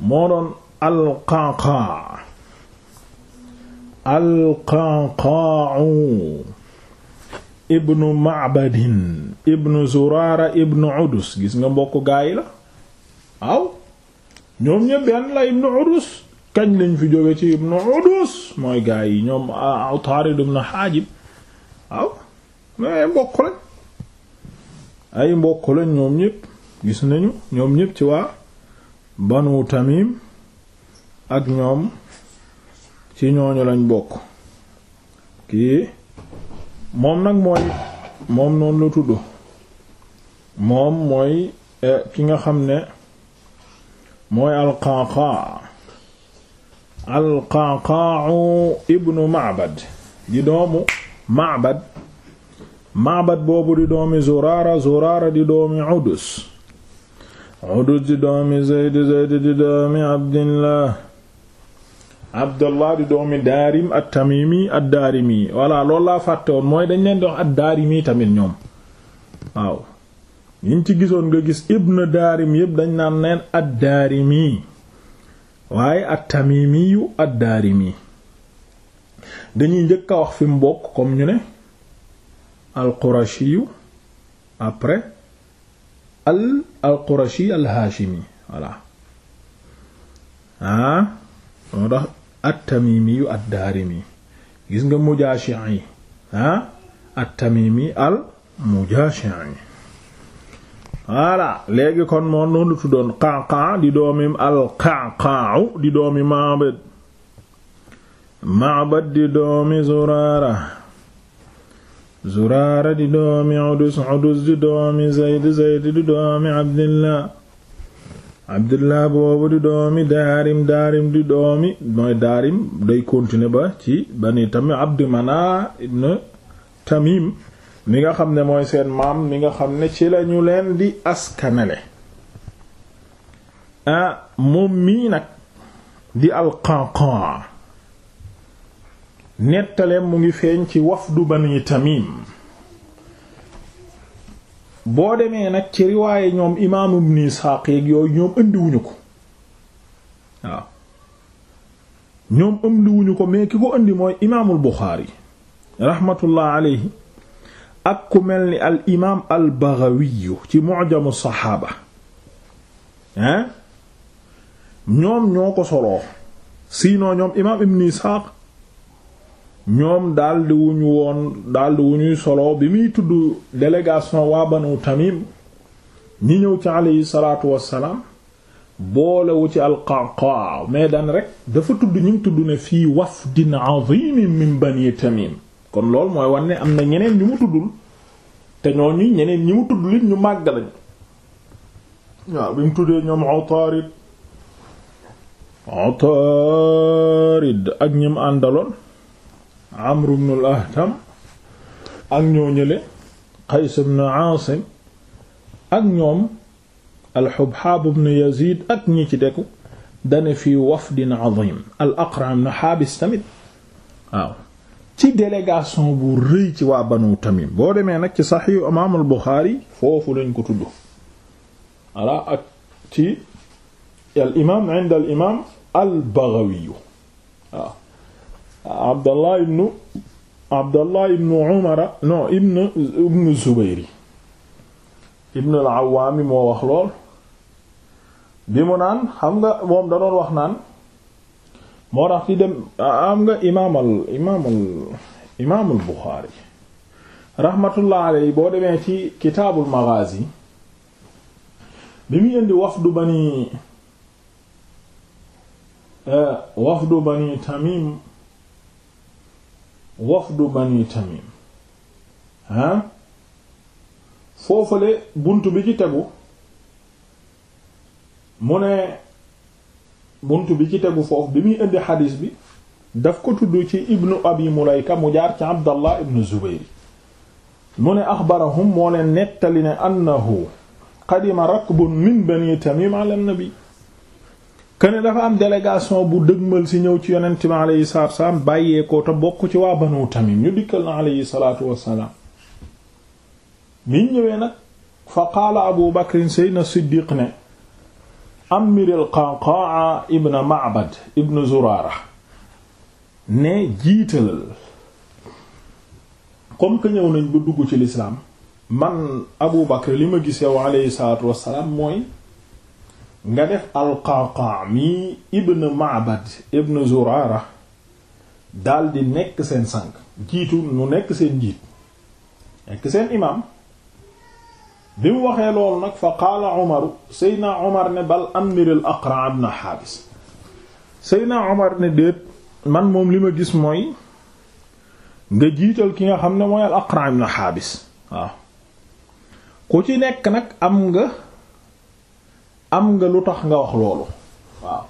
moo doon alqanqaa alqanqaau ibnu maabadin ibnu zuraara ibnu udus gis nga mbokk gaa yi la waaw ñoom ñëpp benn la ibnu udus kañ lañ fi jóge ci ibnu udus mooy gaa yi ñoom utaarid ibnu xaajib waaw ay mbokk lañ ay mbokk lañ ñoom ñëpp gis nañu ñoom ñëpp ci waa banu tamim ak ñoom ci ñooñu lañ bokk kii moom nag mooy moom noonu la tudd moom mooy e, ki nga xam ne mooy alqaaqaa alqaaqaau ibnu maabad di doomu maabad maabad boobu di doomi zuraara zuraara di doomi udus Udud di doomi Zayd mooy dañ leen di wax ad-Daarimi tamit ñoom waaw ñiñ ci gisoon nga gis Ibn Daarim yépp dañ naan leen ad-Daarimi waaye at-Tamimi ad-Daarimi dañuy njëkk a wax fi mu bokk comme ñu ne al-Qurashi après al al qurashi al haashimi voilà ah moo tax at-tamimi yu darimi gis nga mujaashi'i ah at-tamimi al mujaashi'i voilà léegi kon moom noonu la tuddoon qaqaa di doomi al qaqaa di doomi ma'bad ma'bad di doomi zurara zuraara di doomi udus udus di doomi zayd zayd di doomi abdillah abdillah boobu mooy daarim day continuer ba ci bani tamit abdu mana ibn tamim mi nga xam ne mooy seen maam mi nga xam ne ci lañu leen di askanale ah moom mii nag di alqanqan nettaleem mu ngi feeñ ci wax du wafdu bani tamim boo demee nag ci riwaaye ñoom imaamu ibn Isxaaq yeeg yooyu ñoom indiwuñu ko waaw ñoom indiwuñu ko mais ki ko indi mooy imaamul Buxaari raxmatullah ak ku mel ni al imaam al Baghawi ci mu'jamu saxaaba hein ñoom ñoo ko soloo sinon ñoom imaam ibn Isxaaq ñoom daldi wuñu woon daldi wuñuy solo bi muy tudd délégation waa banu tamim ñi ñëw ci aleyhi salaatu wassalaam boolewu ci alqaqa mais daan rek dafa tudd ñu tudd ne fii wafdin azim min bani tamim kon loolu mooy wan ne am na ñeneen ñu mu tuddul te ñooñu ñeneen ñi mu ñu màgg lañ waaw bi tuddee ñoom Utaarid Utaarid ak ñim àndaloon Amr ibn ahtam ak ñoo ñële Qays ibn Aasim ak ñoom al-Hubhab ibn Yazid ak ñi ci deku dane fii wafdin azim al-Aqra' ibn Habis tamit waaw ci délégation bu rëy ci waa Banu Tamim boo demee nag ci Sahih Imam al-Bukhari foofu lañ ko tudd voilà ak ci al imam al imam Abdallah ibnu Abdallah ibnu Umara non ibnu ibnu Zubayri ibnu al-Awwaami moo wax lool bi mu naan xam nga moom da doon wax naan moo tax ci dem am nga imaamal imaamal imaamul Buxaari rahmatullah alayhi boo demee ci kitaabul Maghaazi bi mu indi wafdu bani eh, wafdu bani Tamim wafdu bani tamim ah foofale bunt bi ci tegu mu ne bunt bi ci tegu foofu bi muy indi xadis bi daf ko tudd ci ibnu abi mulayka mu jaar ci abdallah ibnu zubayri mu ne axbarahum moo leen nettali ne annahu qadima rakbun min bani tamim ala nabi ne dafa am délégation bu dëgmal si ñëw ci yonent bi alayhi salaatu wasalaam bàyyeekoo te bokk ci waa Banu tamit ñu dikkal na alayhi salaatu wasalaam biñ ñëwee nag fa qaala Abu Bakr sayyidina Siddiq ne amiril Qanqaa ibn Ma'bad ibn Zuraara ne jiitalal comme que ñëw nañ bu dugg ci lislaam man Abu Bakr li ma gisee wa alayhi salaatu mooy nga def alqaqa mi ibn maabad ibn zurara daldi nekk seen sànq jiitu nu nekk seen njiit nekk seen imaam bi mu waxee loolu nag fa qaala omaru seydna omar ne bal amiril aqra ibn xaabis seydna omar ne déet man moom li ma gis mooy nga jiital ki nga xam ne mooy al aqra ibn xaabis ku ci nekk nag am nga am nga lu tax nga wax loolu waaw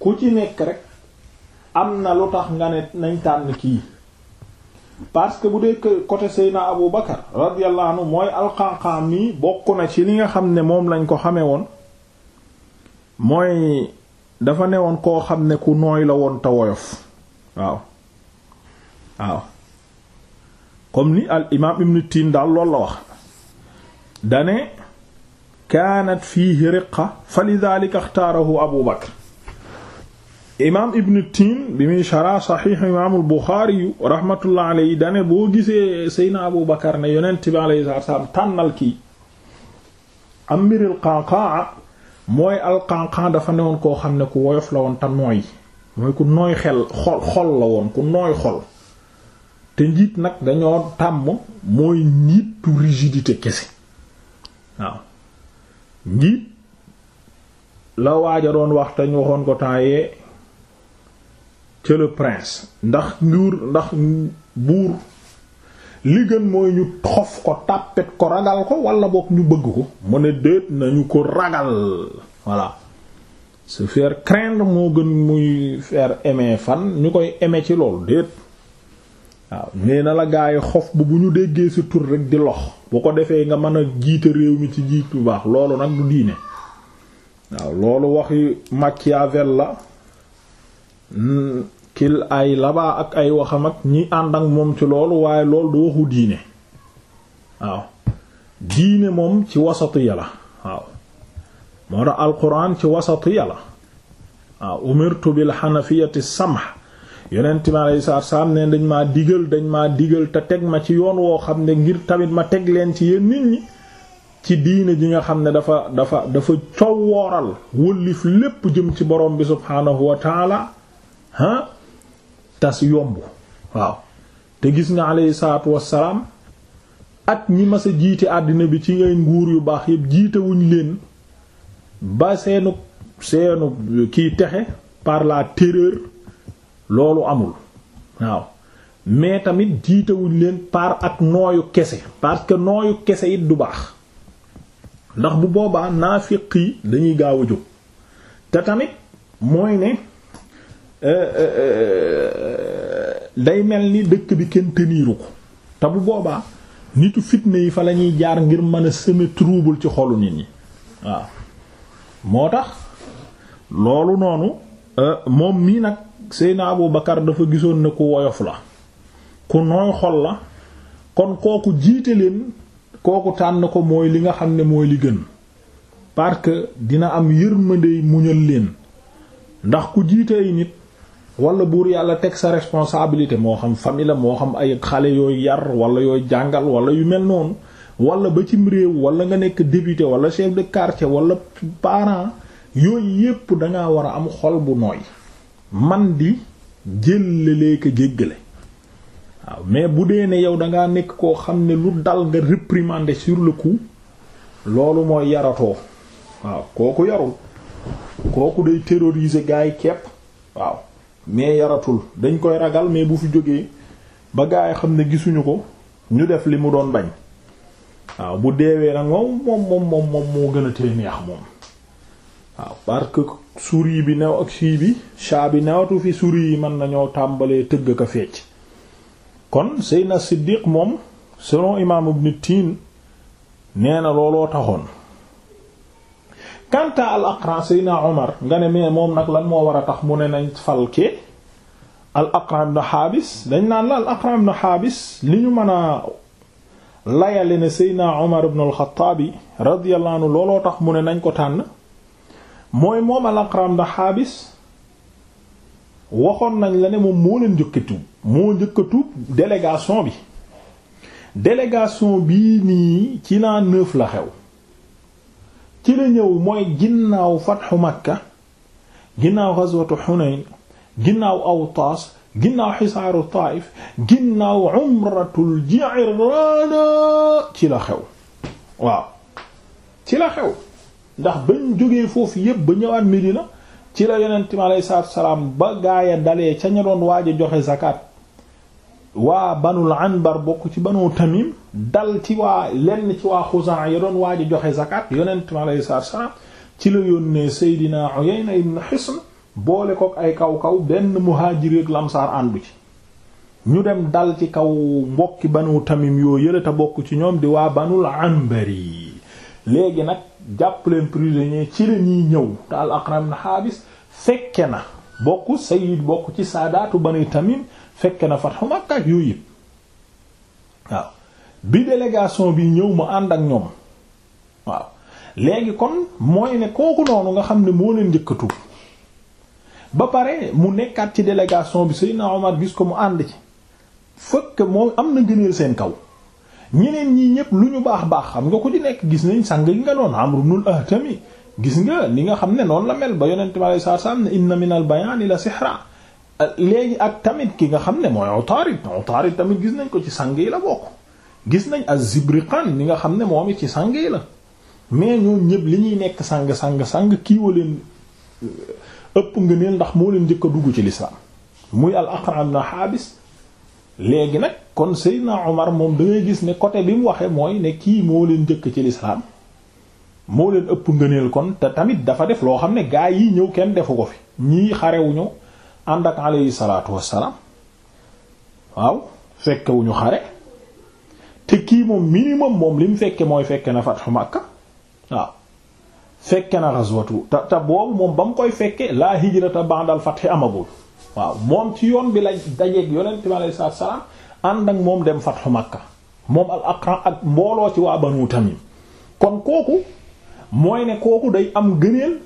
ku ci nekk rek am na lu tax nga ne nañ tànn kii parce que bu dee côté Seyna Abu Bakar radiyallahu anhu mooy alqanqaa mi bokk na ci li nga xam ne moom lañ ko xame woon mooy dafa ne woon koo xam ne ku nooy la woon woyof waaw waaw comme ni al imaam Ibn Tin daal loolu la wax dane kaanat fii riqa fa lidaalika ixtaarahu abu bakr imaam ibn tiin bi muy shara saxiix imaamul boo gisee seyna abu bakar ne yonent bi alayhi ki am tànnal kii mooy al qanqaa dafa newoon koo xam ne ku woyof la woon te nooy mooy ku nooy xel xol xol la woon ku nooy xol te njiit nag dañoo tàmm mooy njiitu rigidité kese ngi la waaja doon wax te waxoon ko tàyyee ca le prince ndax nguur ndax buur li gën mooy ñu xof ko tàppet ko ragal ko wala bokk ñu bëgg ko mu ne déet nañu ko ragal voilà se faire craindre moo gën muy faire aimer fan ñu koy aimer ci loolu déet waaw nee na la gaay xof bu bu ñu déggee sa tur rek di lox bu ko defee nga mën a jiite réew mi ci jiit bu baax loolu nag du diine waaw loolu waxi Machiavel la hmm, kil ay labaa ak ay waxam ak ñi ànd ak moom ci loolu waaye loolu du waxu diine waaw diine moom ci wasatiya la waaw moo tax alquran ci wasatiya la waaw umirtu bil hanafiyati samh yonent mi alayhi salaatu dañ maa digal dañ ma digal te teg ma ci yoon woo xam ne ngir tamit ma teg leen ci yéen nit ñi ci diine ji nga xam ne dafa dafa dafa cow wooral wëllif lépp jëm ci borom bi subhaanahu wa taala ah tas yomb waaw te gis nga alayhi salaatu wassalaam at ñi mas a jiite àddina bi ci ngay nguur yu baax yépp jiitewuñ leen ba seenu seenu kiy texe par la terreur loolu amul waaw mais tamit jiitawuñ leen par ak nooyu kese parce que nooyu kese it du baax ndax bu boobaa naafiq yi dañuy gaaw a jóg te tamit mooy ne euh, euh, day mel ni dëkk bi kenn tëniiru ko te bu boobaa nitu fitna yi fa lañuy jaar ngir mën a semer trouble ci xolu nit ñi waaw moo tax loolu noonu Euh, moom mii nag Seyna Abu Bakar dafa gisoon na ku woyof la ku nooy xol la kon kooku jiite leen kooku tànn ko mooy li nga xam ne mooy li gën parce que dina am yërmande muñal leen ndax ku jiite ay nit walla buur yàlla teg sa responsabilité moo xam famille la moo xam ay xale yooy yar wala yooy jàngal wala yu mel noonu wala ba cim réew wala nga nekk député wala chef de quartier wala parent yooyu yépp danga war a am xol bu nooy man di jëllalee ko jéggale waaw mais bu dee ne yow dangaa nekk koo xam ne lu dal nga réprimander sur le coup loolu mooy yaratoo waaw kooku yarul kooku day terroriser gars yi kepp waaw mais yaratul dañ koy ragal mais bu fi jógee ba gars yi xam ne gisuñu ko ñu def li mu doon bañ waaw bu deewee nag moom moom moom moo gën a tee neex moom waaw parce que suri bi new ak chi bi cha bi newatu fi suri yi mën nañoo tàmbalee tëgg ka fecc kon Seydina Siddiq moom selon imam Ibn Tin nee na looloo taxoon quant al Aqra Seydina Omar nga ne mais moom nag lan moo war a tax mu ne nañ falke al Aqra ibn Habis dañ naan la al Aqra ibn Habis li ñu mën a layale ne Seydina Omar ibn al-Khattabi radiyallahu looloo tax mu ne nañ ko tànn mooy moom al-Aqram ndax xaabis waxoon nañ la ne moom moo leen njëkk tuub moo njëkk tuub délégation bi délégation bii nii ci l'an neuf la xew ci la ñëw mooy ginnaaw fatxu Makka ginnaaw ghazwatu Hunayn ginnaaw Awtaas ginnaaw xisaaru Taayif ginnaaw umratul Ji'rana ci la xew waaw ci la xew ndax bañ jógee foofu yépp ba ñëwaat Medina ci la yonent mi alayhi salaatu salaam ba gaaya dalee ca ña doon waaj joxe zakat waa banul anbar bokk ci banu tamim dal ci waa lenn ci waa xuzan ya doon waaj joxe zakat yonent mi alayhi salaatu salaam ci la yónnee Seydina Uyayna ibn Hisn boole kook ay kaw kaw benn muhaajir ak lamsaar àndu ci ñu dem dal ci kaw mbokki banu tamim yoo yële bokk ci ñoom di waa banul anbari léegi nag jàpp leen prisonnier ci la ñuy ñëw taal al aqram na xaabis fekke na bokk sayid bokk ci saadaatu bani tamit fekke na fathu makka ak yooyu yëpp bi ñëw mu ànd ak ñoom waaw léegi kon mooy ne kooku noonu nga xam ne moo leen njëkkatu ba pare mu nekkaat ci délégation bi Seydina Omar gis ko mu ànd ci fekk moo am na gëneel seen kaw ñeneen ñii ñëpp lu ñu baax baax xam nga ko ci nekk gis nañ sàng yi nga doon Amru ibnul Ahtami gis nga li nga xam ne noonu la mel ba yonent bi alayhi salaatu salaam ne inna minal bayaani la sihra léegi ak tamit ki nga xam ne mooy Utaarid Utaarid tamit gis nañ ko ci sàng yi la bokk gis nañ Az-Zibriqaan li nga xam ne moom it ci sàng yi la mais ñoom ñëpp li ñuy nekk sàng sàng sàng kiiwa leen ëpp nga neel ndax moo leen jëkk a dugg ci lislaam muy al Aqra' ibn Haabis léegi nag kon Seydina Omar moom da gis ne côté bi mu waxee mooy ne kii moo leen njëkk ci lislaam moo leen ëpp ngëneel kon te tamit dafa def loo xam ne gaa yi ñëw kenn defu ko fi ñii xarewuñu ànd ak alayhi salaatu wassalaam waaw fekkewuñu xare te kii moom minimum moom li mu fekke mooy fekke na fathu Makka waaw fekke na ghazwatu te te boobu moom ba mu koy fekke laa hijrata ba'dal fathi amagul waaw moom ci yoon bi la dajeeg yonent bi alayhi salaatu ànd ak moom dem fatxu Makka moom al ak mbooloo ci waa Banu Tamim kon kooku mooy ne kooku day am gëneel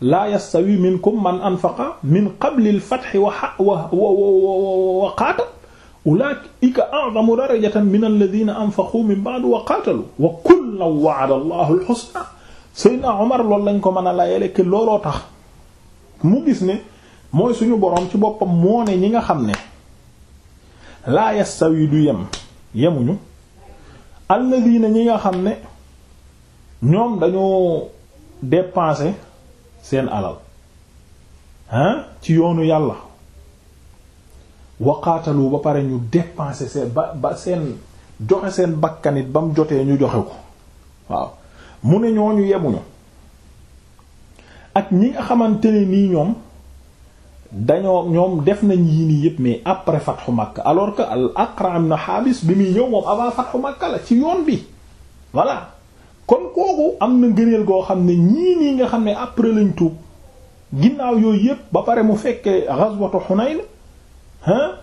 laa yastawi minkum man anfaqa min qabli al fath wa wa wa qaatal ulaa'ika a'zamu darajatan min alladhina anfaqu min ba'du wa qaatalu wa kullan wa'ada Allahu al husna Seydina lañ ko mën a layele ke looloo tax mu gis ne mooy suñu boroom ci boppam moo ne ñi nga xam ne laa yastawi du yem yemuñu alladina ñi nga xam ne ñoom dañoo dépenser seen alal hein ci yoonu yàlla waqaatalu ba pare ñu dépenser seen ba ba seen joxe seen bakkanit ba mu jotee ñu joxe ko waaw mu ne ñu yemuñu ak ñi nga xamante ne nii ñoom dañoo ñoom def nañ yii nii yëpp mais après fatxu Makka alors que al Aqra ibn Habis bi muy ñëw moom avant fatxu Makka la ci yoon bi voilà kon kooku am na ngëneel goo xam ne ñii nii nga xam ne après lañ tuub ginnaaw yooyu yëpp ba pare mu fekkee ghazwatu Hunayn ah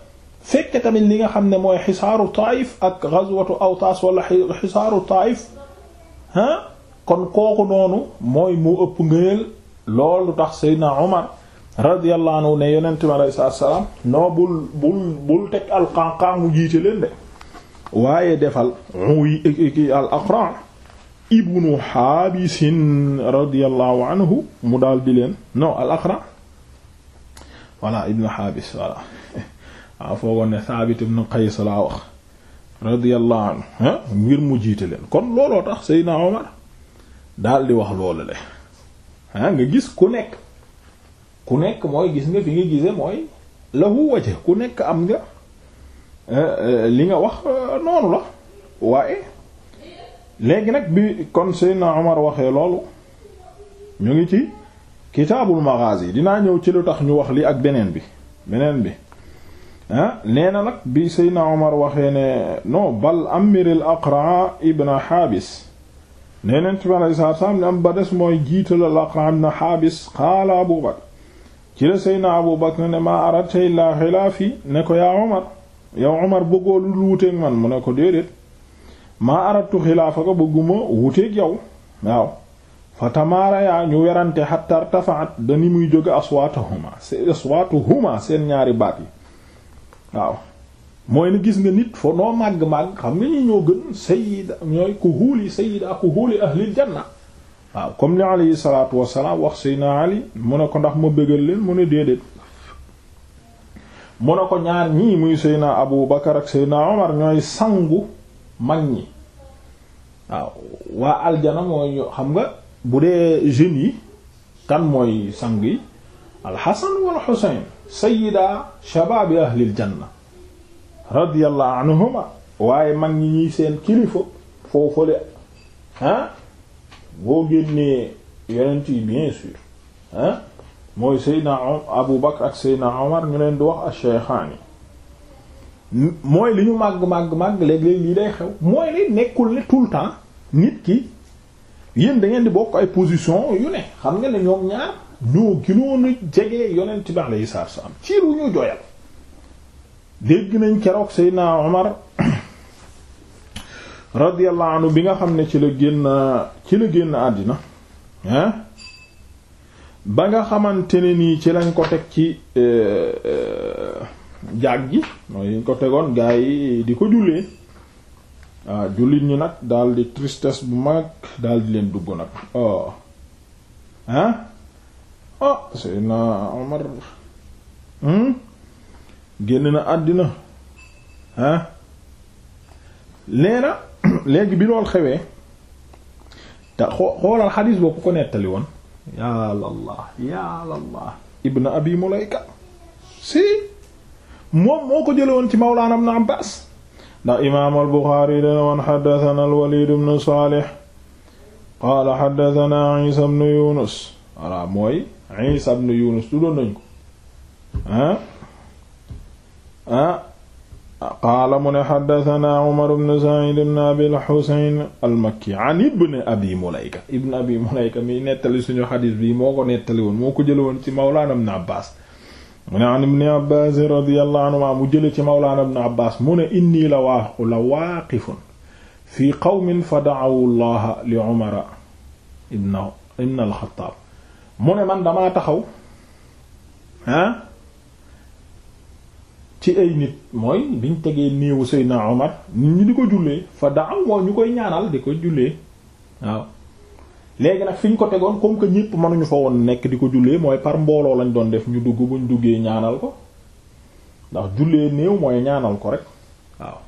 fekke tamit li nga xam ne mooy xisaaru Taif ak ghazwatu Awtas wala xisaaru Taif kon kooku noonu mooy mu ëpp ngëneel loolu tax Seydina Omar radiyallahu anhu ne yonent bi alayhi salaam noo bul bul bul teg alqanqaa mu jiite leen waaye defal uy al aqra ibnu xaabisin radiyallahu anhu mu daal di leen non al aqra voilà ibnu xaabis voilà waaw ah, foogoon ne Saabit ibnu Qays laa wax radiyallahu anhu ngir mu jiite leen kon looloo tax Seydina Omar daal di wax loolu le nga gis ku nekk ku nekk mooy gis nga fi nga gisee mooy lahu wajh ku nekk am nga eh, eh, li nga wax eh, noonu la waaye léegi nag bi kon Seydina Omar waxee loolu ñu ngi ci kitaabul maghazi dinaa ñëw ci lu tax ñu wax li ak beneen bi beneen bi ah nee na nag bi Seydina Omar waxee ne no bal amiril Aqra ibn Habis nee neen ci ban ay am ba des mooy jiitalal Aqra ibn Habis qaala Abu Bakr ci la Seydina Abu Bakr ne ma arat illaa xilaafi ne ko yaa Omar yow Omar bëggoo lu wuteeg man mu ne ko déedéet maa aratu xilaafa ko bëgguma wuteeg yow waaw fa tamaara yaa ñu werante xatta tafaat dani muy jóge aswaatahuma aswaatuhuma seen ñaari baat yi waaw mooy ni gis nga nit fo noo màgg-màgg xam nga ñu ñoo gën sayida ñooy ku huuli sayida ku huuli ahlil janna waaw comme li alayhi salaatu wasalaam wax Seydina Ali mu ne ko ndax ma bëggal leen mu ne déedéet mu ne ko ñaar ñii muy Seydina Abu Bakar ak Seydina Omar ñooy sangu mag ñi waaw waa aljana mooy xam nga bu dee jeunes yi kan mooy sang yi alxasan wal xusayn sayida shabaabi ahlil janna radiyallahu anhuma waaye mag ñi ñi seen kilifa foofale ah boo génnee yonent yi bien sûr ah mooy Seydina Abu Bakr ak Seydina Omar ñu leen di wax ash-shaykhaani mooy li ñu màgg màgg màgg léeg-léeg lii day xew mooy li nekkul ne tout le temps nit ki yéen da ngeen di bokk ay position yu ne xam nga ne ñoom ñaar ñoo gënoon a jege yonent bi alayhi salaam ci ru ñu jooyal dégg nañ keroog Seydina Omar. radiyallahu anhu bi nga xam ne ci la génn ci la génn àddina hein ba nga xamante ne nii ci lañ ko teg ci euh, euh, jaag ji mooy ñu ko tegoon gaa yi di ko jullee waaw ah, jullit ñi nag daldi tristesse bu mag daldi leen dugg nag oh hein oh Seydina Omar hmm? génn na àddina hein nee léegi bi lool xewee te xoolal xadiis boo ku ko nettali woon yàllallah yàllallah ibn abi mulayka si moo ko jële woon ci mawlaana ibn abbaas ndax imaam al buxaari dana woon xaddatana al saalix qaala xaddatana isa ibn yunus walla mooy isa ibn yunus du doon nañ ko ah ah qaala mu ne xaddatanaa umar bnu said bne abilxusain almakki an ibne abi mulayka ibne abi mulayka mi nettali suñu xadis bi moo ko nettali woon moo ko jële woon ci mawlaana bne abbas mu ne an ibni abbas radiallahu anhuma mu jële ci mawlaana bne abbas mu ne innii la waaqu la waaqifun fii qawmin fa daawu llaha li umara ibn ibn alxataab mu ne man damaa taxaw ah ci ay nit mooy biñ tegee néewu Seydina Omar nit ñi di ko jullee fa daaw mooy ñu koy ñaanal di ko jullee waaw léegi nag fi ñu ko tegoon comme que ñépp mënuñu fa woon nekk di ko jullee mooy par mbooloo lañ doon def ñu dugg buñ duggee ñaanal ko ndax jullee néew mooy ñaanal ko rek waaw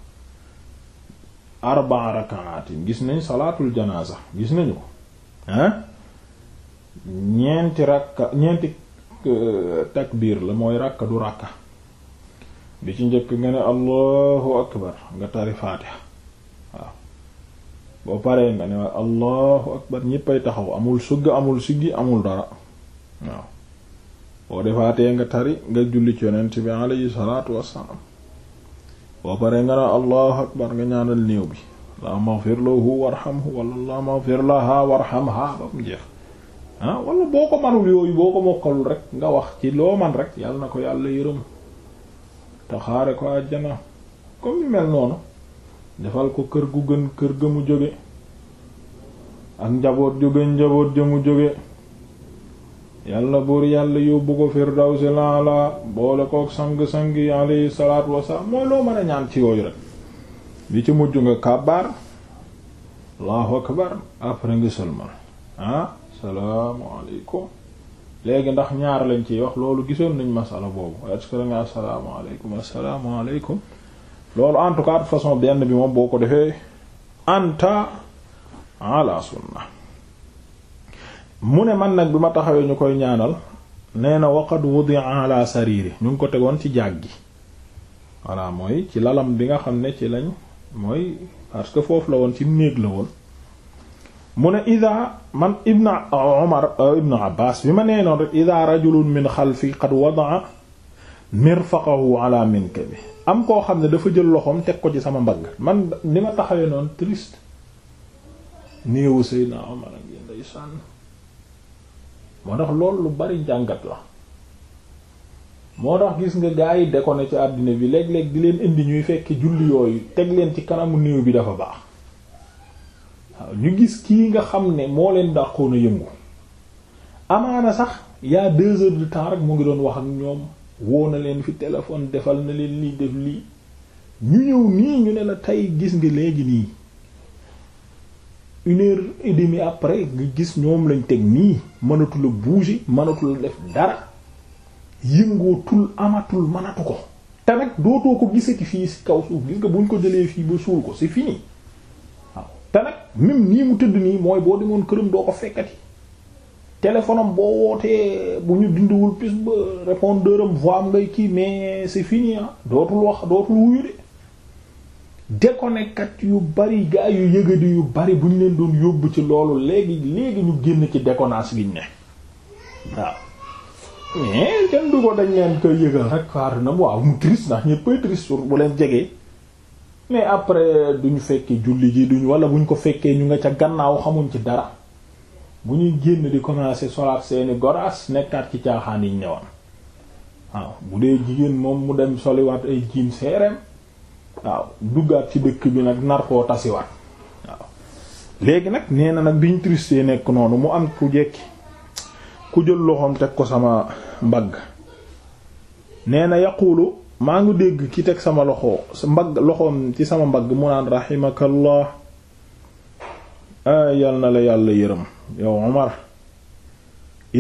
arba rakaatin gis nañ salaatul janaasa gis nañu ko ah ñeenti rakka ñeenti euh, takbiir la mooy rakka du rakka bi ci njëkk nga ne allahu akbar nga tari faatiha waaw boo paree nga ne allahu akbar ñéppay taxaw amul sugg amul siggi amul dara waaw boo defaatee nga tari nga julli ci bi alayhi salaatu wassalaam boo paree nga ne allahu akbar nga ñaanal néew bi allahumma ighfir lahu warhamhu wala allahumma ighfir laha warhamha ba mu jeex ah wala boo ko manul yooyu boo ko mokkalul rek nga wax ci loo man rek yàlla na ko yàlla yërëm te xaare ko àjjana comme yu mel noonu defal ko kër gu gën kër ga mu jóge ak njaboot ju gën njaboot ja mu jóge yàlla buur yàlla yóbbu ko firdawsi laala boole kook sang-sang yi alayhi salaatu wasalaam mooy loo mën a ñaan ci yooyu rek bi ci mujj nga kàbbaar allahu akbar après nga sëlmal ah salaamu aleykum léegi ndax ñaar lañ ciy wax loolu gisoon nañ masala boobu est-ce que da nga asalaamaaleykum asalaamaaleykum loolu en tout cas de façon benn bi moom boo ko defee anta ala sunna mu ne man nag bi ma taxawee ñu koy ñaanal nee na waqad wudi'a ala sariri ñu ngi ko tegoon ci jàggi voilà mooy ci lalam bi nga xam ne ci lañ mooy parce que foofu la woon ci néeg la woon mu ne ida man ibn Umar euh, ibn bi ma nee noon rek ida rajulun min xalfi qad wadaa mirfaqahu ala minkabi am koo xam ne dafa jël loxoom teg ko ci sama mbagg man ni ma taxawee noonu triste néewu Seydina Umar ak yéen sànn moo tax loolu lu bari jàngat la moo tax gis nga gaa yi de ko ne ci àddina bi léeg-léeg di leen indi ñuy fekk julli yooyu teg leen ci kanamu niiw bi dafa baax waaw ñu gis kii nga xam ne moo leen dàqoon a yëngu amaana sax y'a deux heures de temps rek mu ngi doon wax ak ñoom woo na leen fi téléphone defal na leen lii def lii ñu ñëw nii ñu ne la tey gis ngi léegi nii une heure après nga gis ñoom lañ teg nii mënatul a bouger def dara yëngootul amatul mënatu ko te nag dootoo ko gisati fii ci kaw suuf gis nga buñ ko jëlee fii ba suul ko fii fini te nag même nii mu tëdd nii mooy boo demoon këram doo ko fekkati téléphone boo wootee bu ñu dindiwul plus ba répondeur am voix am ngay kii mais c'est fini ah dootul wax dootul wuyu de déconnectat yu bari gaa yu di yu bari bu ñu leen doon yóbbu ci loolu léegi léegi ñu génn ci déconnance gi ñu ne waaw mais kenn du dañ leen koy yëgal rek xaar na waaw mu triste ndax ñëppay triste bu leen jege mais après ñu fekkee julli ji duñ wala buñ ko fekkee ñu nga ca gannaaw xamuñ ci dara bu ñuy génn di commencer solaat seeni goras nekkaat ci caaxaan yiñ ñëwoon waaw bu dee jigéen moom mu dem soliwaat ay jiin seereem waaw duggaat ci dëkk bi nag nar koo tasiwaat waaw léegi nag nee na nag biñ tristee nekk noonu mu am ku jekki ku jël loxoom teg ko sama mbagg nee na maa ngi dégg ki teg sama loxo sa mbagg loxoom ci sama mbagg mu naan raximakallah ay yal na la yàlla yërëm yow Umar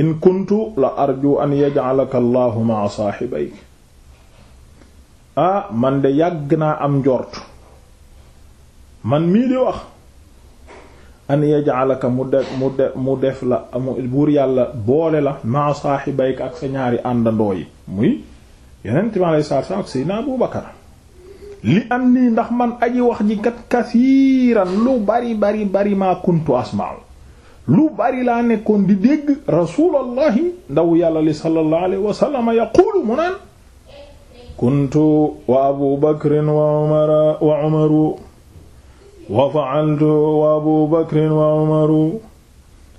in kuntu la arju an yaj'alaka allahu ma'a saaxibayk ah man de yàgg naa am njort man mii di wax an yaj'alaka mu def mu def mu def la mu buur yàlla boole la ma'a saaxibayk ak sa ñaari àndandoo yi muy yonent bi alayhi salaatu salaam ak Seydina Abu Bakar li am nii ndax man aji wax ji kat kasiiran lu bari bari bari maa kuntu asmaaw lu bari laa nekkoon di dégg rasulallahi ndaw yàlla li sallallahu alayhi wa sallam yaquulu mu naan kuntu wa abu bakrin wa umara wa umaru wa fa'altu wa abu bakrin wa umaru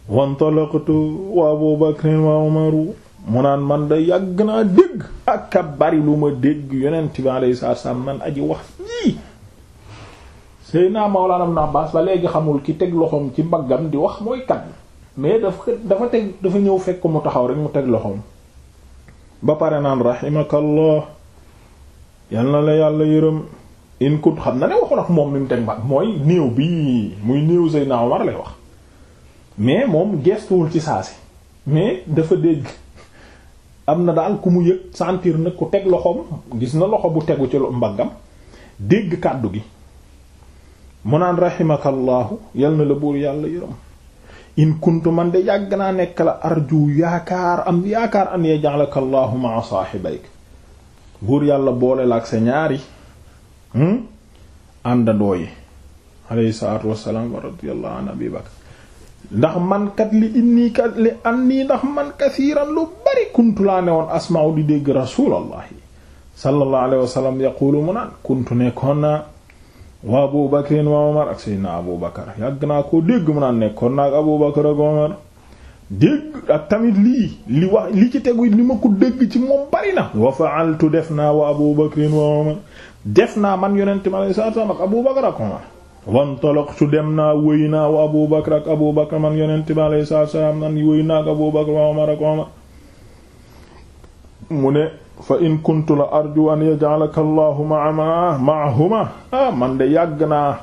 wa intalaqtu wa abu bakrin wa umaru moo naan man da yàgg naa dégg ak a bari lu ma dégg yonent bi saa salaam man aji wax ji Seydina am naa Abbas la léegi xamul ki teg loxoom ci mbaggam di wax mooy kat mais dafa dafa teg dafa ñëw fekk mu taxaw rek mu teg loxoom ba pare naan rahimakallah yal na la yàlla yërëm in kut na moom mi mu teg mooy néew bi muy néew Seydina Omar lay wax mais moom gestuwul ci saa si mais dafa dégg am na daal ku mu yëg sentir nag ku teg loxoom gis na loxo bu tegu ci mbaggam dégg kàddu gi mu naan raximakallaahu yal na la buur yàlla yërëm in kuntu man de yàgg naa nekk la arju yaakaar am yaakaar an yaj'alakallaahu ma'a saahibayk buur yàlla boole la ak sa ñaari hmm, àndandoo yi alayhi salaatu wassalaam wa radiyallahu an abi bakr ndax man kat li inni kat li anni ndax man kasiiran lu bari kuntu laa ne woon asma'u di dégg rasulallahi sallallahu alayhi wa sallam yaqulu mu naan kuntu nekkoon naa wa Abu Bakr wa Umar ak Seydina Abu Bakr yàgg naa koo dégg mu naan nekkoon naa ak Abu Bakr ak Umar dégg tamit li li ci tegu li ma ko dégg ci moom bari na wa fa'altu def naa wa Abu Bakr wa Umar def naa man yonent ma lay sa Abu Bakr ak Umar wantalaqtu dem naa wëy wa abu bakar ak abu bakar man yonent bi alayhi salaam nan wëy naa ak abu bakar wa umar ak umar mu ne fa in kuntu la arju an yaj'alaka allahu ma'a ma'ahuma ah man de yàgg naa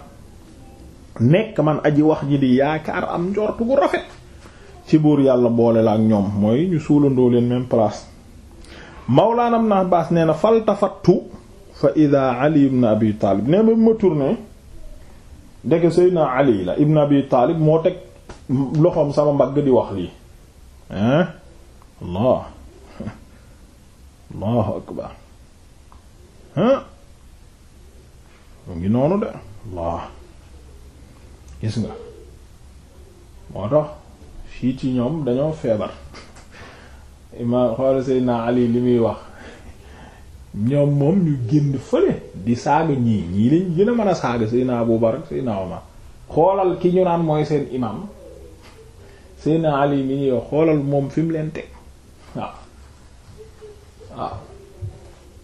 nekk man aji wax ji di yaakaar am njort gu rafet ci buur yàlla boole la ak ñoom mooy ñu suulandoo leen même place mawlaana ibn Abbaas nee na faltafattu fa idaa Ali ibn Abi Taalib nee na ma tourné ndeke Seydina Ali la ibn Abi Taalib moo teg loxoom sama mbagg di wax lii hein Allah Allahu akbar hein mu ngi noonu de Allah gis nga moo tax fii ci ñoom dañoo feebar imaam xoolal Seydina Ali li muy wax ñoom moom ñu génn fële di saaga ñii ñii lañ gën a mën a saaga Seydina Abu Bakar Seydina Omar xoolal ki ñu naan mooy seen imam Seydina Ali mi ñuy wax xoolal moom fi mu leen teg waaw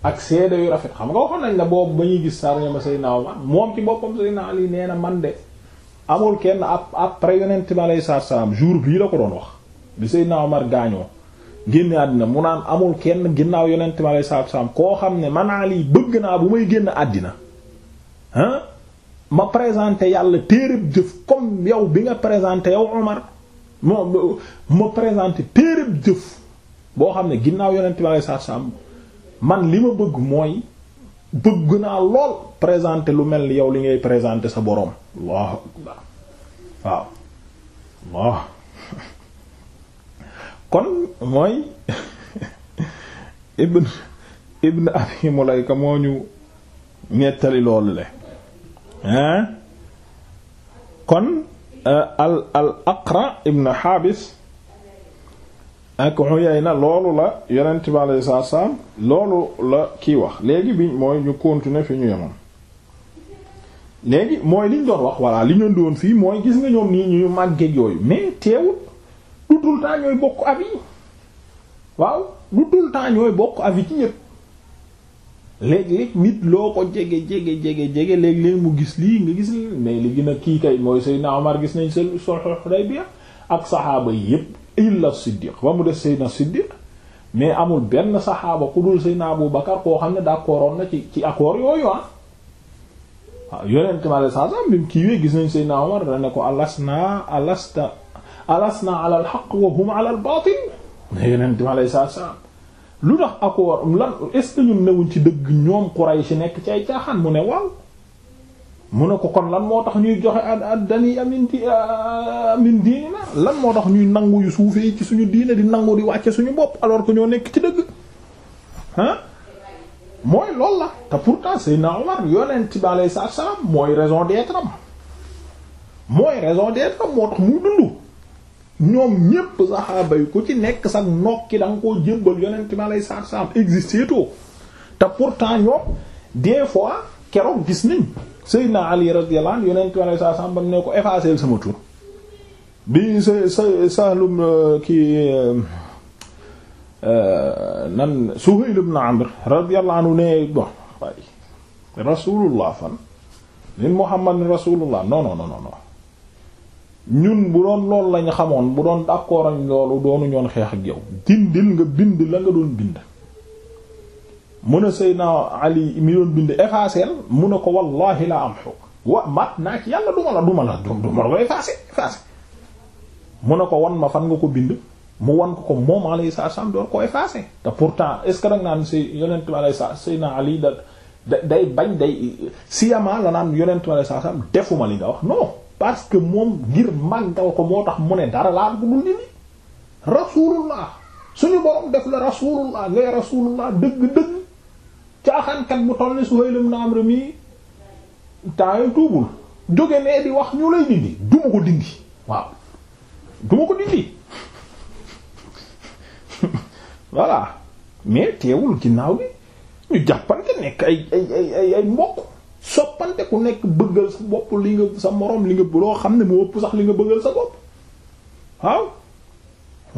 ak seede yu rafet xam nga waxoon nañ la boobu ba ñuy gis sar ñama Seydina Omar moom ci boppam Seydina Ali nee na man de amul kenn après yonent bi alayhi salaam jour bii la ko doon wax bi Seydina Omar gaañoo génn àddina mu naan amul kenn ginnaaw yonent mi aleyhi salaatu koo xam ne man Ali bëgg naa bu may génn àddina ah ma présenté yàlla téereb jëf comme yow bi nga présenté yow Omar moo ma jëf boo xam ne ginnaaw yonent mi man li ma bëgg mooy bëgg naa lool présenté lu mel ni yow li ngay présenté sa boroom waaw waaw kon mooy ibn ibn abi moo ñu nettali loolu la hein kon euh, al al aqra ibn xaabis ak na loolu la yonent bi alayhi salaatu salaam loolu la kiy wax léegi bi mooy ñu continuer fi ñu yemoon léegi mooy liñ doon wax voilà li ñu doon fii mooy gis nga ñoom nii ñu màggeeg yooyu mais teewul du tout le ñooy bokk avis waaw du tout le ñooy bokk avis ci ñépp léeg nit loo ko jege jege jege jege léeg-léeg mu gis lii nga gis lii mais li gën a kii kay mooy Seydina Omar gis nañ seen sulh Hudaybiya ak saxaaba yépp illa mais amul benn saxaaba ku dul Seydina xam ne d'accordoon ci ci yooyu ah waaw yonent ma saa saa bi mu kiiwee gis nañ Seydina Omar dana ne ko alasna alasta alasna ala alxaq wa hum ala albaatil yonent bi alayhi salaatu salaam lu tax accord lan est-ce que ñun newuñ ci dëgg ñoom ci nekk ci ay caaxaan mu ne waaw mu ne ko kon lan moo tax ñuy joxe addani amin di amin ah, diinina lan moo tax ñuy nangu yu suufe ci suñu diine di nangu di wàcce suñu bopp alors que ñoo nekk ci dëgg mooy loolu la te pourtant Seydina naa yonent bi alayhi salaatu salaam mooy raison mooy raison d'être am moo tax mu dund ñoom ñépp saxaaba yu ku ci nekk sax nokki da nga koo jébbal yonent ma lay saar saam existé too te pourtant ñoom des fois keroog gis nañ Seydina Ali radiyallahu anhu yonent ma lay saar saam ba mu ne ko effacer sama tur bi sa sa sahlum euh, ki euh, euh, nan Suhayl ibn Amr radiyallahu anhu ne bon waay rasulullah fan lin Muhammad rasulullah non non non non ñun bu doon loolu lañu xamoon bu doon d'accord ak loolu doonu ñoon xeex ak yow dindil nga bind la nga doon bind mun a Seydina Ali mi doon bind effacer mu ne ko wallahi la am xo wa mat naa ci yàlla duma la duma la duma la ko effacer effacer mun na ko wan ma fan nga ko bind mu wan ko ko moom alayhi salaam door ko effacer te est-ce que da nga naan say yonent bi da day bañ day siyama la naan yonent bi alayhi salaam defuma li nga wax non parce que moom ngir màggal ko moo tax mu ne dara laa ko dul nit ñi rasulullah suñu borom def la rasulullah ngay rasulullah dëgg-dëgg caaxaankat bu toll ni Suhayl ibn Amr mi temps yi tuubul jóge nee di wax ñu lay dindi duma ko dindi waaw duma ko dindi voilà mais teewul ginnaaw bi ñu jàppante nekk ay ay ay ay soppante ku nekk bëggal sa bopp li nga sa moroom li nga loo xam ne mu ëpp sax li nga bëggal sa bopp waaw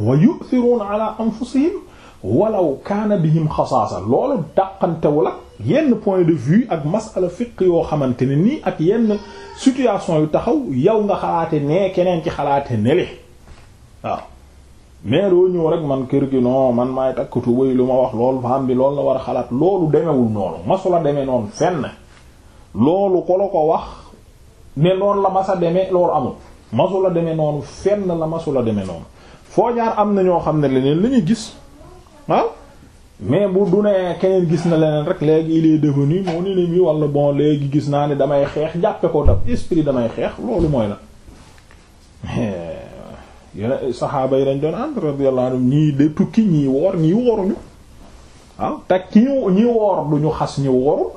wa yu'thiruna ala anfusihim walaw kaana bihim xasaasa loolu dàqantewul ak yenn point de vue ak masala fiq yoo xamante ne nii ak yenn situation yu taxaw yow nga xalaate nee keneen ci xalaate nele waaw mais doo ñëw rek man kër gi non man maay takkatu bay lu ma wax loolu faam bi loolu la war a xalaat loolu demewul noonu masula demee noonu fenn loolu ko la ko wax ne noonu la mas a demee loolu amul masu la demee noonu fenn la masu la demee noonu foo jaar am na ñoo xam ne leneen la gis waaw ah? mais bu du ne keneen gis na leneen rek léegi il est devenu mon ennemi wala bon léegi gis naa ne damay xeex jàppe ko daf esprit damay xeex loolu mooy la yene saxaaba yi dañ doon entre radiyallahu anhum ñii de tukki ñii woor ñii wooruñu waaw ah? te ki ñii woor duñu xas ñi wooru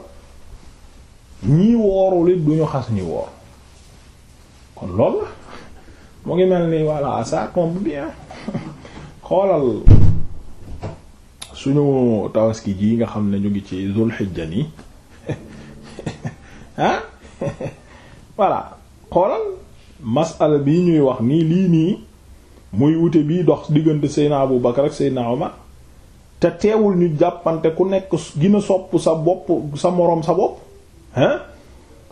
ñii woorul it duñu xas ñi woor kon loolu la mu ngi mel ni voilà ça tombe bien xoolal suñu tawaski ji nga xam ne ñu ngi ci zul xijja nii ah voilà xoolal masala bi ñuy wax nii lii nii muy wute bi dox diggante Seydina Abu Bakar ak Seydina ma te teewul ñu jàppante ku nekk gina sopp sa bopp sa moroom sa bopp hein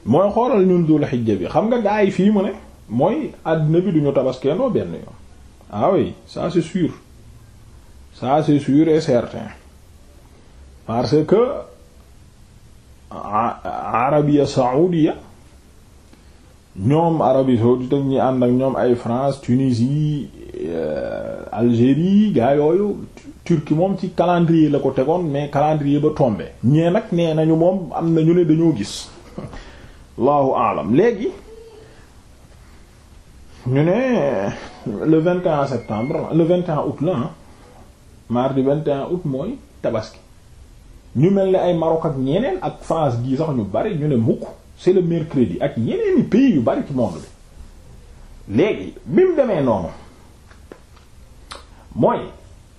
mooy xoolal ñun dul xijja bi xam nga gaa yi fii mu ne mooy àddina bi duñu tabaskeendoo benn yoon ah oui ça c'est sûr ça c'est sûr certain parce que arabia saoudia ñoom Arabie saoudite ñi ànd ak ñoom ay France Tunisie euh, Algérie gaa yooyu Turquie moom ci calendrier la ko tegoon mais calendrier ba tombé ñee nag nee nañu moom am na ñu ne dañoo gis allahu alam léegi ñu ne le vingt 21 septembre le 21 août la ah mardi 21 aut mooy tabaski ñu mel ni ay Maroc ak ñeneen ak France gii sax ñu bari ñu ne mukk c'est le mercredi ak yeneeni pays yu bari ci monde bi léegi bi mu demee noonu mooy.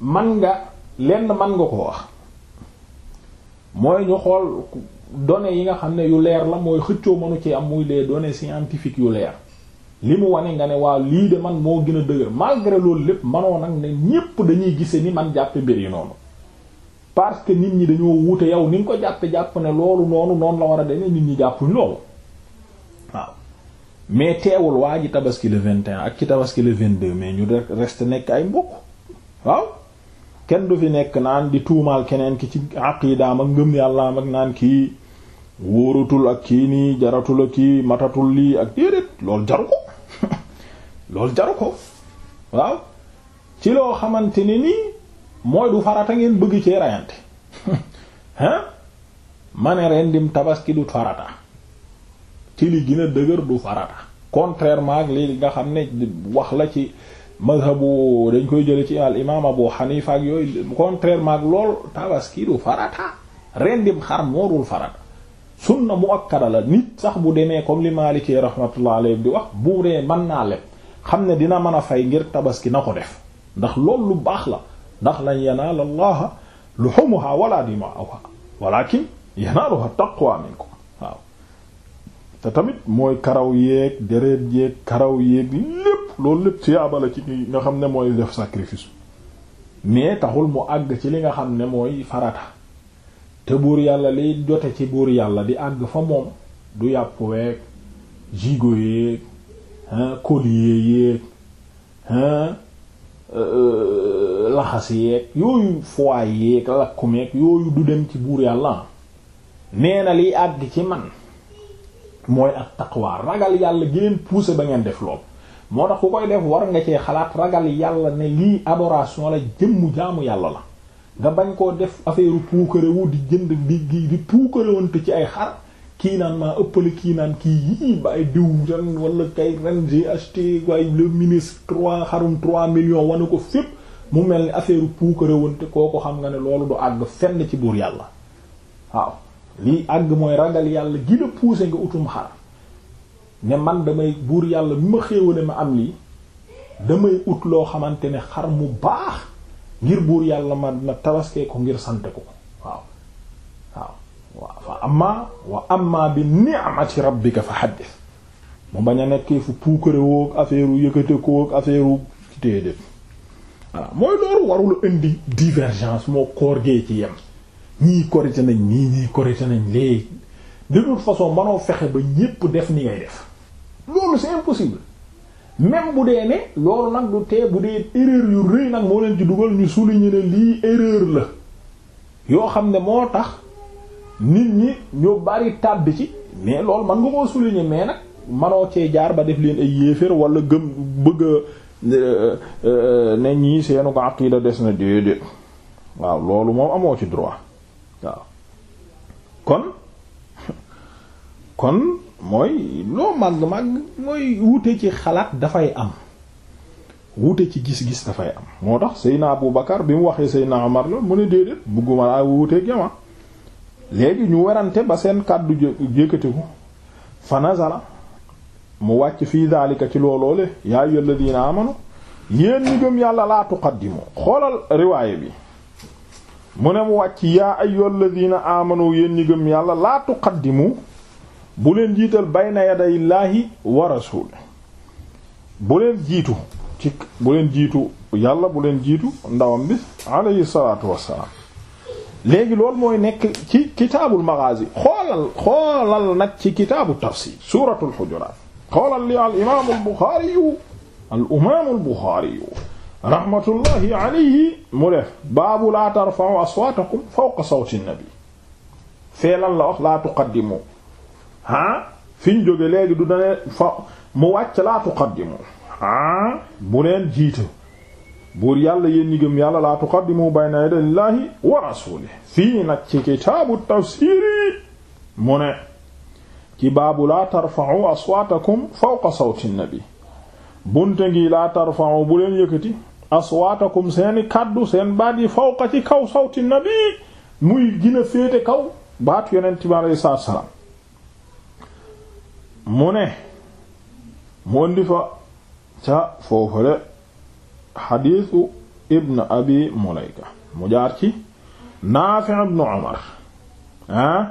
man nga lenn man nga ko wax mooy ñu xool done yi nga xam ne yu leer la mooy xëccoo mënu ci am muy les données scientifiques yu leer li mu wane nga ne waaw lii de man moo gën a dëgër malgré loolu lépp manoon nag ne ñépp dañuy gise ni man jàppe mbir yi noonu parce que nit ñi dañoo wuute yow ni nga ko jàppe-jàpp ne loolu noonu noonu la war a demee nit ñi jàppuñ loolu waaw mais teewul waa ji tabaski le 21 ak ci tabaski le 22 mais ñu reste nekk ay mbokk kenn du fi nekk naan di tuumaal keneen ki ci aqiidaam ak ngëm yàllaam ak naan kii wóoratul ak kii nii jaratul ak kii matatul lii ak déedéet loolu jaru ko loolu jaru ko waaw ci loo xamante ne nii mooy du farata ngeen bëgg ci rayante hein ma ne ren dim tabaski du farata ci li gën a dëgër du farata contrairement ak li nga xam ne wax la ci mazhabu dañ koy jële ci al imam Abu Hanifa ak yooyu contrairement ak lool tabaski du farata rendim xar moodul farata sunna muakkada la nit sax bu demee comme li Maliki rahmatullah alayhi wax bu dee mën naa leb xam ne dina mën a fay ngir tabaski na ko def ndax loolu lu baax la ndax lañ yanaal allaha luhumuha wala dima'uha walakin yanaaluha taqwa minkum te tamit mooy karaw yéeg deret yeeg karaw yeeg lépp loolu lépp ci yaabala ci ki nga xam ne mooy def sacrifice mais taxul mu àgg ci li nga xam ne mooy farata te buur yàlla liy jote ci buur yàlla di àgg fa moom du yàpp weeg gigot yeeg collier yeeg euh, laxas yeeg yooyu foie yeeg lakkumeeg yooyu du dem ci buur yàlla nee na liy àgg ci man mooy ak waa ragal yàlla ngeen pousser ba ngeen def lool moo tax ku koy def war nga cee xalaat ragal yàlla ne lii adoration la jëmmu jaamu yàlla la nga bañ koo def affaire puukarewu di jënd di di puukarewante ci ay xar kii naan maa ëppale kii naan kii yii bàyyi diw ren wala kay ren j'ai acheté waaye le ministre trois xarum trois million wane ko fépp mu mel ni affaire puukarewante koo ko xam nga ne loolu du àgg fenn ci buur yàlla waaw lii àgg mooy ragal yàlla gi la nga utum xar ne man damay buur yàlla mi ma xéewale ma am lii damay ut loo xamante ne xar mu baax ngir buur yàlla ma ma tabaskee ko ngir sante ko waaw waaw waaw fa amma wa amma bi ni'mati rabbika fa xaddis mu bañ a nekkee fu puukare woog affaire u yëkkate koog affaire u téedéet voilà mooy loolu warula indi divergence moo koor gee ci yem ñii korité nañ nii ñii korité nañ léegi de toute façon manoo fexe ba ñépp def ni ngay def loolu c'est impossible même bu dee ne loolu nag du tee bu dee erreur yu rëy nag moo leen ci dugal ñu souligner ne lii erreur la yoo xam ne moo tax nit ñi ñu bari tàbbi ci mais loolu man nga koo souligner mais nag manoo cee jaar ba def leen ay yéeféer wala gëm bëgg a euh, euh, ne ñii seenu ko aqida des na déedéet waaw loolu moom amoo ci droit waaw kon kon mooy loo màgg-màgg mooy wuute ci xalaat dafay am wuute ci gis-gis dafay am moo tax Seydina Abu Bakar bi mu waxee Seydina Omar la mu ne déedéet bëgguma laa wuuteeg yama ah. léegi ñu werante ba seen kàddu jékkatiku fa nazala mu wàcc fii daalika ci looloole yaa ayyuhal ladina amanu yéen ñu yàlla laa tuqaddimu xoolal riwaaya bi mu ne mu wàcc yaa ayyuhal ladina amanu yéen ñi gëm yàlla laa tuqaddimu bu jiital bayna yadayillaahi wa rasul bu jiitu ci bu jiitu yàlla bu leen jiitu ndawam bi alayhi salaatu wassalaam léegi mooy nekk ci kitaabul maghazi xoolal xoolal nag ci kitaabu tafsir suuratul hujuraat xoolal li al imaamul buxaari yu al imaamul buxaari yu rahmatullahi alayhi mu def baabu laa tarfa'u aswaatakum fawqa sawti nabi feelan la wax laa tuqaddimu ah fi ñu jóge léegi du dane fa mu wàcc laa tuqaddimu ah bu leen jiite buur yàlla yéen ñi gëm yàlla laa tuqaddimu bayna yaday llaahi wa fii nag ci kitaabu tafsiiri mu ne ci baabu laa tarfa'u aswaatakum fawqa sawti nabi bunte laa tarfa'u bu leen yëkkati aswaatakum seeni kàddu seen baat yi ci kaw sawti nabi muy gina féete kaw baat yonent bi alayhi salaam mu ne mu indi fa ca foofale xadiisu ibn abi mulayka mu jaar ci naafi ibn umar ah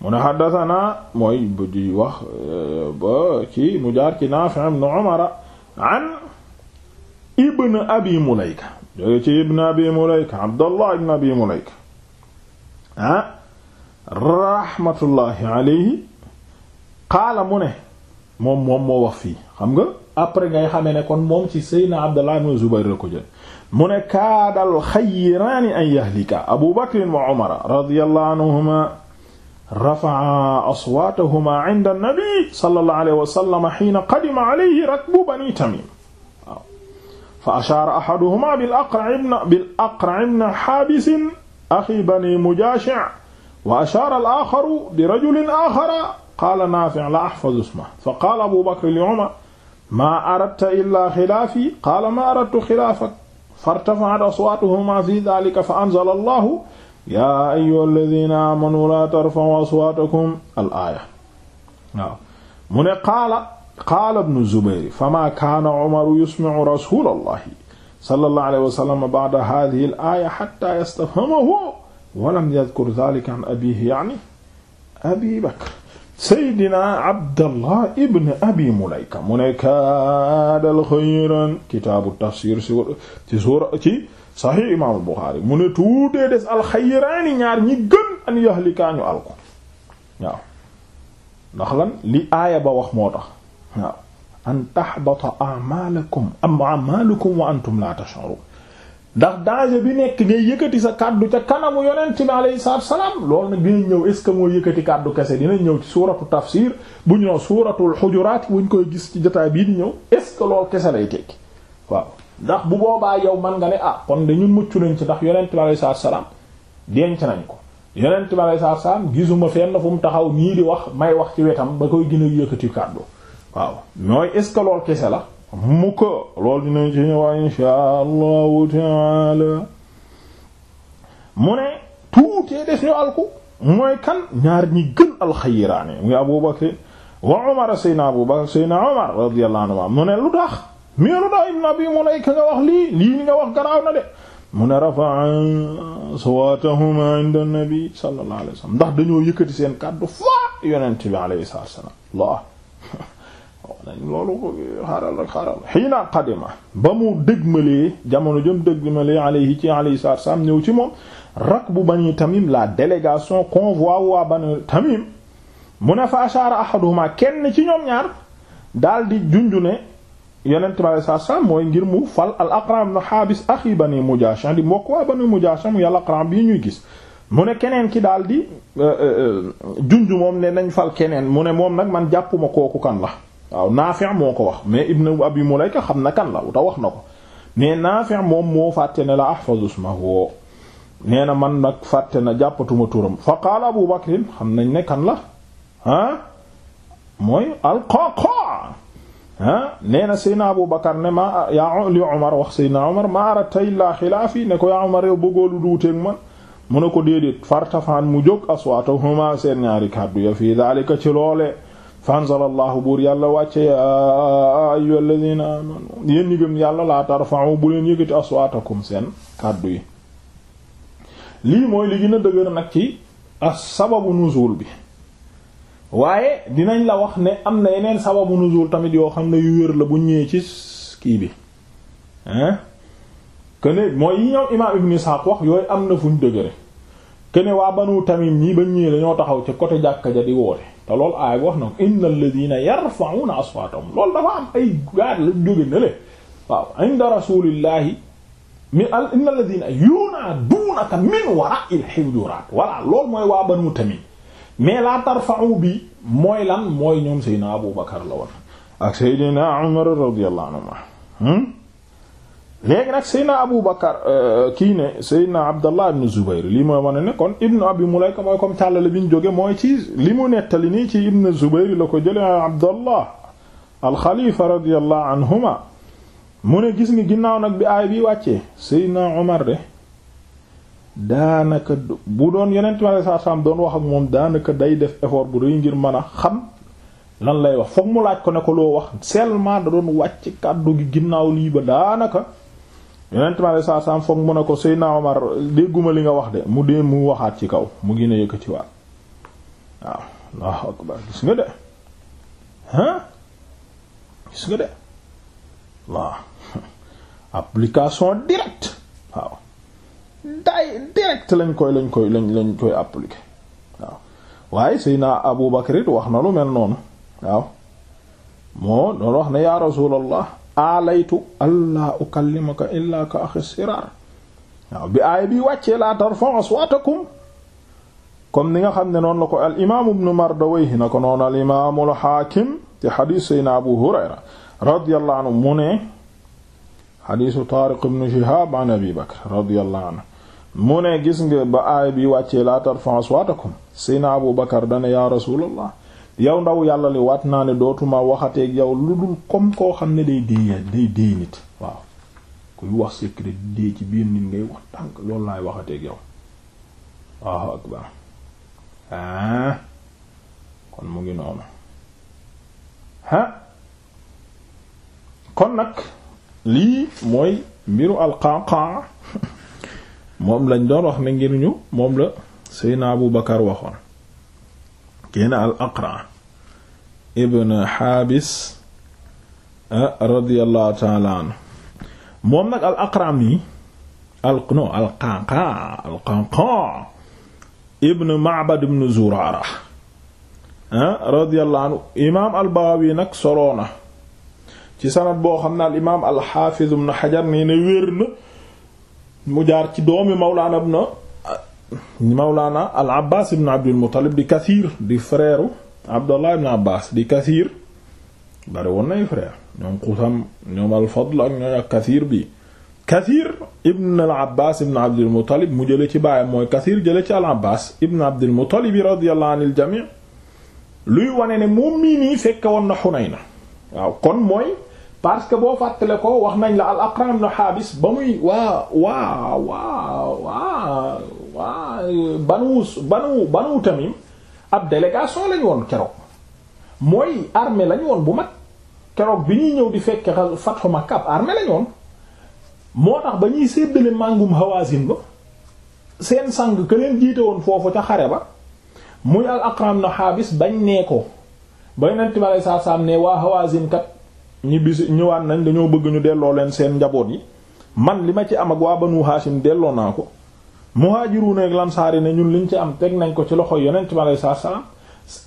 mu ne xaddasanaa mooy bu di eh, mu jaar ci naafi ibn umara an ibn abi mulayka jóge ci ibn abi mulayka abdallah ibn abi mulayka ah rahmatullahi alayhi qaala mu ne moom moom moo wax fii xam nga après ngay xamee ne kon moom ci seydna abdallah ibn zubayr la ko jël mu ne kaadal xayiraani an yahlika abu bakrin wa umara radiyallahu anhuma rafa'a aswaatahuma inda an-nabi sallallahu alayhi wa sallam hiina qadima alayhi rakbu bani tamim fa ashaara ahaduhuma bil aqra' ibn bil aqra' ibn haabis axi bani mujashi' wa ashaara al aaxaru bi rajulin aaxara qaala naafi' la ahfazu ismahu fa qaala abu bakr li umar maa aradta illaa xilaafi qaala maa aradtu xilaafak fartafa'at aswaatuhumaa fi daalika fa anzala allaahu yaa ayyuhallaziina aamanuu laa tarfa'uu aswaatakum al aaya waaw mu ne qaala qaala ibnu zubayr famaa kaana umaru yusmi'u rasuulallahi sallallahu alayhi wa sallam ba'da haadhihi al-aaya hattaa yastafhamahu wa lam yadhkur dhaalika an abiihi ya'ni abi bakr seydina abdallah ibn abi mulayka mu ne kaadal xayran kitaabu tafsir si ci suura ci saxiix imaamul buxaari mu ne tuutee des alxayraani ñaar ñi gën an yahlikañu alko waaw ndax lan li aaya ba wax moo tax waaw an tahbata a'malukum am a'malukum wa antum la tash'urun ndax danger bi nekk ngay yëkkati sa kàddu ca kanamu yonent bi alayhi salaatu salaam loolu nag dina ñëw est ce que moo yëkkati kàddu kese dina ñëw ci suuratu tafsir bu ñëw noonu suuratul xujuraat buñ koy gis ci jotaay bii di ñëw est ce que loolu kese lay tekki waaw ndax bu boobaa yow man nga ne ah kon de ñun mucc nañ ci ndax yonent bi alayhi salaatu salaam denc nañ ko yonent bi alayhi salaatu salaam gisuma fenn fu mu taxaw nii di wax may wax ci wetam ba koy gën a yëkkati kàddu. waaw mooy est lool kese la mu ko lool dinañ ci ñëwaat insha allahu taala mu tuutee des ñu alku mooy kan ñaar ñi gën alxayiraane muy Abu Bakr wa Umar sayna Abu Bakr sayna Umar radiyallahu anhu mu lu tax mi lu tax ibn Abi Mulayka nga wax lii lii nga wax garaaw na de mu ne rafa'a aswaatahuma 'inda an-nabi sallallahu alayhi wasallam ndax dañoo yëkkati seen kàddu fa yonent bi alayhi salaam nañ loolu xaaral rek xaaral xiina qadima ba mu dëgmalee jamono jëm dëgmalee alayhi ci alayhi salaatu salaam ñëw ci moom rakbu bani tamim la délégation convoi waa bani tamim mu ne fa ashaara ahaduhuma kenn ci ñoom ñaar daal di junju ne yonent bi alayhi salaatu salaam mooy ngir mu fal al aqram na xaabis axi bani mujaasha di mbokk waa bani mujaasha mu yàlla aqram bii ñuy gis mu ne keneen ki daal di euh, euh, euh, junj moom ne nañ fal keneen mu ne moom nag man jàppuma kooku kan la waaw Naafi' moo ko wax mais Ibn Abi Mulayka xam na kan la te wax na ko mais Naafi' moom moo fàtte ne la ahfazu ismahu nee na man nag fàtte na jàppatuma turam fa qaala Abu Bakr xam nañ ne kan la ah mooy al-Qaqaa ah nee na Seydina Abu Bakr ne ma yaa li Umar wax Seydina Umar ma aradta illaa xilaafi ne ko yaa Umar yow bëggoolu duuteeg man mu ne ko déedéet fartafaan mu jóg aswaatahuma seen ñaari kàddu ya fii daalika ci loole fa buur yàlla wàcce ya ayyuhal ladina amanu yéen yàlla laa tarfa'u bu leen yëkkati aswaatakum seen kàddu yi lii mooy li gën a nag ci sababu nuzul bi waaye dinañ la wax ne am na yeneen sababu nuzul tamit yoo xam ne yu wér la bu ñëwee ci kii bi hein këne mooy yi ñoom imaam ibn Isaaq wax yooyu am na fu ñu dëgëre këne waa banu Tamim ñii ba ñëwee dañoo taxaw ci côté jàkka ja di woote te loolu aay wax na ko inna alladina yarfa'una aswaatahum loolu dafa am ay gaar la jóge na le waaw inda rasulillahi mi inna alladina yunaaduunaka min wara'il hujuraat voilà loolu mooy waa banu tamim mais la tarfa'u bi mooy lan mooy ñoom seydina Abu Bakar la woon ak seydina Umar radiyallahu anhu hmm? léegi nag Seydina Abu Bakar euh, kii ne Seydina Abdallah ibn Zubayr lii mooy wane ne kon Ibn Abi Mulayka mooy comme tàllale bi ñu jóge mooy ci li mu nettali nii ci Ibn Zubayr la ko jële Abdallah al-Khalifa radiyallahu anhuma mu ne gis ni ginnaaw nag bi aay bi wàccee Seydina Omar de daanaka bu doon yeneen ma saa saam doon wax ak moom daanaka day def effort bu rëy ngir mën a xam lan lay wax foog mu laaj ko ne ko loo wax seulement da doon wàcc kàddu gi ginnaaw lii ba daanaka yonent mi alayhi salaatu mu foog mu ne ko Seydina Omar dégguma li nga wax de mu dee mu waxaat ci kaw mu gën a ci waat waaw Allahu akbar gis nga de ah gis nga de waaw application directe waaw day direct lañ koy lañ koy lañ lañ koy appliquer waaw waaye Seydina Abu Bakr it wax na lu mel noonu waaw moo doon wax ne yaa Rasuulallah alaytu allaa ukallimaka illaa ka axi siraar waaw bi bi wàccee laa tarfa'u aswaatakum comme ni nga xam ne noonu la ko al imaamu ibnu ko noonu al imaamu al xadiis sayna Abu Hurayra radiyallahu anhu mu ne xadiisu Taariq Shihaab an Abi Bakr radiyallahu anhu mu ne gis nga ba aaya bi wàccee laa tarfa'u aswaatakum sayna Abu Bakr dana yaa rasuulallah yow ndaw yàlla li waat naa ne dootuma waxateeg yow lu dul comme koo xam ne day déey day déey nit waaw kuy wax secret déey ci biir nit ngay wax tànk loolu laay waxateeg yow waaw akbar ah kon mu ngi noonu ha kon nag lii mooy mbiru al alqaqa moom lañ doon wax ne ngir ñu moom la Seyna Abu Bakar waxoon kenn al aqra ibn xaabis ah, radiallahu taala anhu moom nag al aqram yi al no al qanqa al qanqa ibn ma'bad ibn zurara ah, radiallahu anhu imaam al bawawi nag soloo na ci sanad boo xam ne al imaam al xaafiz ibn xajar nee na wér na mu jaar ci doomi mawlaana ibn mawlaana al abbaas ibn abdul muttalib di kasiir di frère Abdallah ibn Abbas di Kathir bari woon nay frère ñoom Qusam ñoom al-Fadl ak ñooy ak Kathir bi Kathir ibn al-Abbas ibn Abdul Muttalib mu jële ci baayam mooy Kathir jële ci al-Abbas ibn Abdul Muttalib radiyallahu anil jami' luy wane ne moom mii nii fekke woon na Hunayna waaw kon mooy parce que boo fàttale ko wax nañ la al Aqra' ibn Habis ba muy waa waa waa waa waa banu banu banu Tamim ab délégation lañ woon keroog mooy armée lañ woon bu mag keroog bi ñuy ñëw di fekk fatxu Makka ab armée lañ woon moo tax ba ñuy séddale màngum Hawazin ba seen sang ka leen jiite woon foofu ca xare ba muy al Aqram na xaabis bañ nee ko ba Yonent bi alayhi ne waa Hawazin kat ñi bis nañ dañoo bëgg ñu delloo leen seen njaboot yi man li ma ci am ak waa Banu Hashim delloo naa ko muhaajiruuna ak lansaar yi ne ñun liñ ci am teg nañ ko ci loxo yonent bi alayhi salaam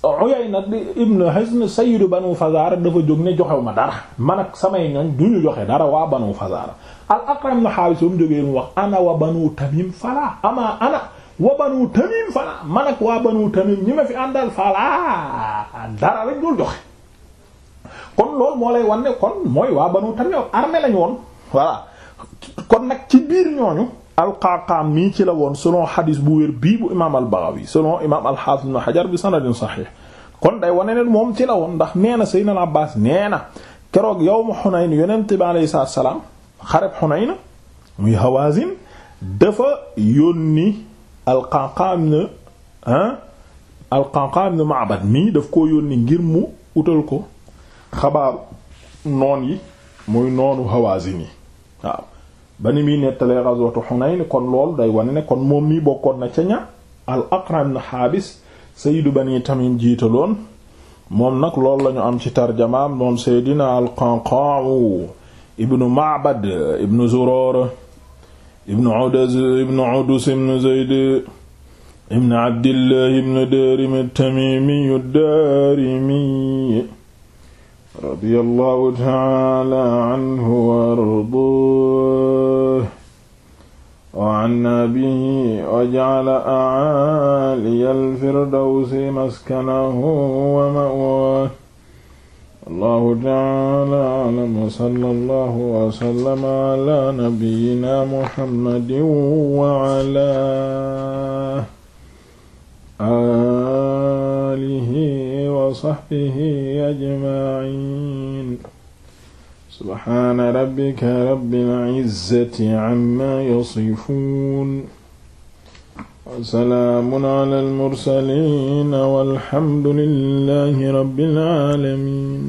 Uyayna ibn Hisn sayyidu banu Fazaara dafa jóg ne joxew ma dara man ak samay ñoñ du ñu joxe dara waa banu Fazaara al Aqram na Haabis ba jógee mu wax ana wa banu Tamim fala ama ana wa banu Tamim fala man ak waa banu Tamim ñi ma fi àndal fala dara lañ dul joxe kon loolu moo lay wan kon mooy waa banu Tamim armée lañ woon voilà kon nag ci biir ñooñu alqaaqaam mii ci la woon selon xadis bu wér bii bu imaam al-Baghawi imaam al-Hafiz ibn Hajar bi sanadin saxiix kon day wane ne moom ci lawoon ndax nee na Seydina Abbaas ne na keroog yawmu Hunayn yonent bi alayhi salaam xareb Hunayn muy Hawaazin dafa yónni ni na ah alqaaqaam na Ma'bad mii daf koo yónni ngir mu utal ko xabaaru noon yi muy noonu Hawaazin yi ba ni muy nettalee ghazwatu Hunayn kon lool day wane ne kon moom mii bokkoon na ca ña al Aqra ibn Haabis sayyidu bani Tamim loon moom nag loolu lañu am ci tarjama moom seydina al Qanqaa ibnu Ma'bad ibnu Zurara ibnu Udas ibnu Zayd ibnu Abdillah ibnu Daarim at-Tamimi ad-Daarimi radiyallahu ta'ala anhu wa ardaahu wa an abiihi wa ja'ala a'aaliyal firdawsi maskanahu wa ma'waahu Allahu ta'ala a'lam wa sallallahu wa sallama ala nabiyyina Muhammadin wa ala aalihi wa sahbihi ajmaciin subhaana rabbika rabbil izzati amma yasifuun wa salaamun alal mursaliin walhamdu lillaahi rabbil aalamiin